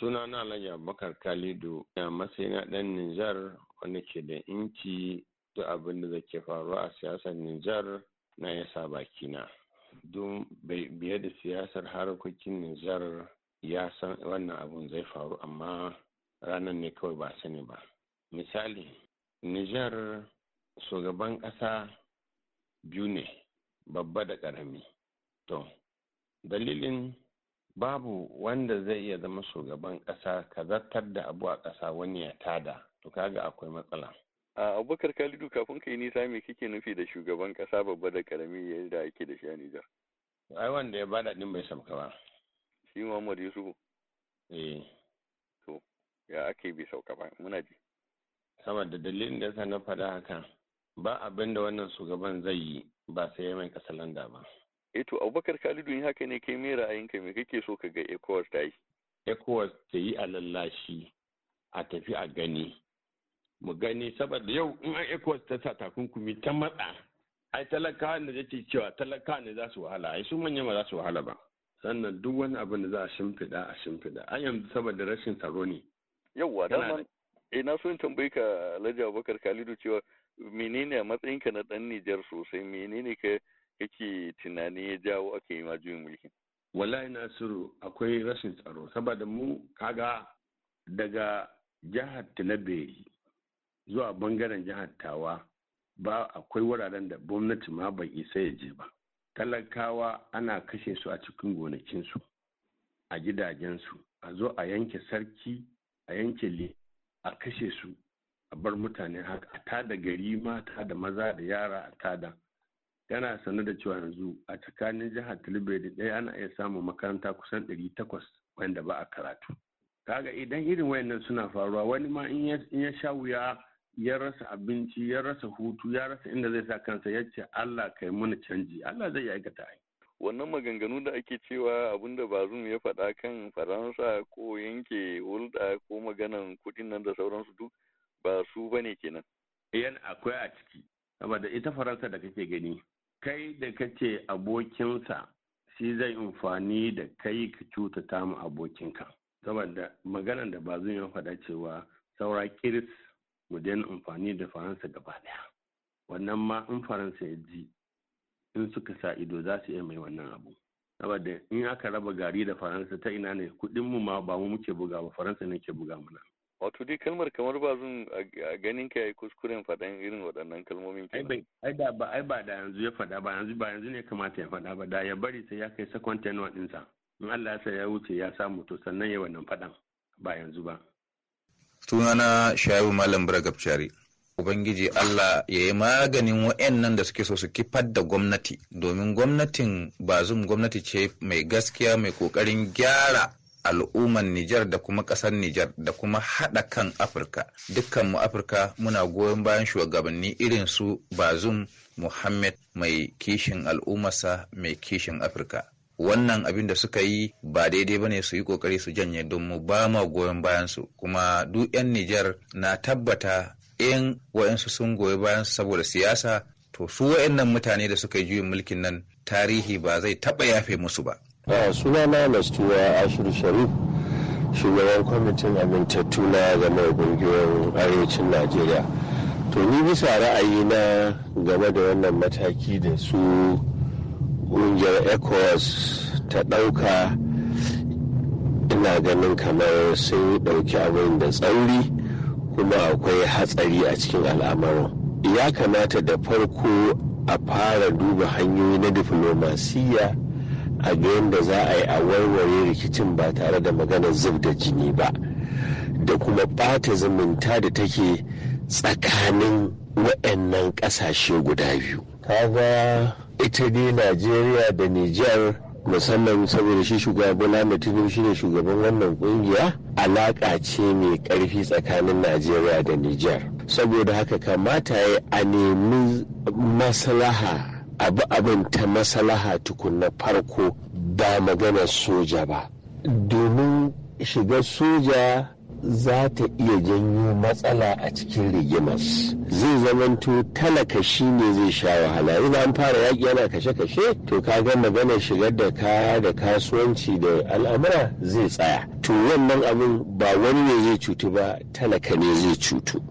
suna na alhaji abubakar kalidu ya matsayi na dan nijar wanda ke da inci duk abin da zake faruwa a siyasar nijar na ya sa bakina don biye da siyasar harkokin nijar ya san wannan abun zai faru amma ranar ne kawai ba sani ba misali nijar shugaban ƙasa biyu ne babba da ƙarami to dalilin babu wanda zai iya zama shugaban ƙasa ka zartar da abu a ƙasa wani ya tada to kaga akwai matsala a abubakar kalidu kafin ka yi nisa me kike nufi da shugaban ƙasa babba da karami da ake da shi a ai wanda ya bada din bai sauka ba shi muhammad yusuf eh to ya ake bai sauka ba muna ji da dalilin da yasa na faɗa haka ba abin da wannan shugaban zai yi ba sai ya mai kasalanda ba eh to abubakar khalidu in haka ne kai me ra'ayinka me kake so ka ga ecowas ta yi ecowas ta yi a lallashi a tafi a gani mu gani saboda yau in an ecowas ta sa takunkumi ta matsa ai talakawa ne da cewa talakawa ne za su wahala ai su manya ba za su wahala ba sannan duk wani abin da za a shimfiɗa a shimfiɗa An yanzu saboda rashin tsaro ne yauwa daman eh na so in tambayi ka alhaji abubakar khalidu cewa menene a matsayinka na dan nijar sosai menene ka kake tunanin ya jawo aka yi ma juyin mulkin wallahi nasiru akwai rashin tsaro saboda mu kaga daga jihar tilabeyi zuwa bangaren jihar tawa ba akwai wuraren da gwamnati ma bai isa ya je ba talakawa ana kashe su a cikin gonakinsu a gidajensu a zo a yanke sarki a yanke le a kashe su a bar mutane haka a tada gari mata da maza da yara a tada yana sanar da cewa yanzu a tsakanin jihar da ɗaya ana iya samun makaranta kusan ɗari takwas wanda ba a karatu kaga idan irin wayannan suna faruwa wani ma in ya sha wuya ya rasa abinci ya rasa hutu ya rasa inda zai sa kansa ya ce Allah kai mana canji Allah zai aikata ai wannan maganganu da ake cewa abin da bazum ya faɗa kan faransa ko yanke hulɗa ko maganan kuɗin nan da sauransu duk ba su ba ne kenan yan akwai a ciki saboda ita faransa da kake gani kai da kace abokinsa shi zai amfani da kai ka cutata mu abokinka saboda maganan da ba zan yi faɗa cewa saura kiris mu daina amfani da faransa gaba daya wannan ma in faransa ya ji in suka sa ido za su iya mai wannan abu saboda in aka raba gari da faransa ta ina ne kuɗin mu ma ba mu muke buga ba faransa ne ke buga mana Wato dai kalmar kamar ba zan ganin ka yi kuskuren faɗan irin waɗannan kalmomin ke. Ai ba ai ba da yanzu ya faɗa ba yanzu ba yanzu ne kamata ya faɗa ba da ya bari sai ya kai sakon tenuwa dinsa In Allah ya sa ya wuce ya samu to sannan ya wannan faɗan ba yanzu ba. Sunana Shayu Malam bragabchari Ubangiji Allah ya yi maganin wa'annan da suke so su kifar da gwamnati domin gwamnatin bazum gwamnati ce mai gaskiya mai kokarin gyara al'umman Nijar da kuma ƙasar Nijar da kuma haɗa kan Afirka. mu Afirka muna goyon bayan shugabanni irin su Bazum Muhammad mai kishin al'ummarsa mai kishin Afirka. Wannan abin da suka yi ba daidai ba ne su yi ƙoƙari su janye don mu ba ma goyon bayansu kuma duk 'yan Nijar na tabbata in waɗansu sun goyi bayan saboda siyasa to su waɗannan mutane da suka yi juyin mulkin nan tarihi ba zai taɓa yafe musu ba. sunana nastuwa ashiru sharif shugaban kwamitin amintattu na game da ƙungiyar arewacin najeriya to ni bisa ra'ayi na game da wannan mataki da su ƙungiyar ecowas ta ɗauka ina ganin kamar sun ɗauki abin da tsauri kuma akwai hatsari a cikin al'amarin ya kamata da farko a fara duba hanyoyi na diflomasiyya a ga da za a yi a warware rikicin ba tare da maganar zub da jini ba da kuma bata zumunta da take tsakanin waɗannan ƙasashe guda biyu kaga ita ne najeriya da nijar musamman saboda shi shugaban bola shi ne shugaban wannan kungiya alaka ce mai ƙarfi tsakanin najeriya da niger saboda haka kamata ya a nemi maslaha abu abin ta masalaha tukun na farko ba magana soja ba domin shiga soja za ta iya janyo matsala a cikin rigimas zai zamanto talaka shi ne zai sha wahala ina an fara yaƙi yana kashe-kashe to ka ga maganar shigar da kaya da kasuwanci da al'amura zai tsaya to wannan abin ba wani ne zai cutu ba talaka ne zai cutu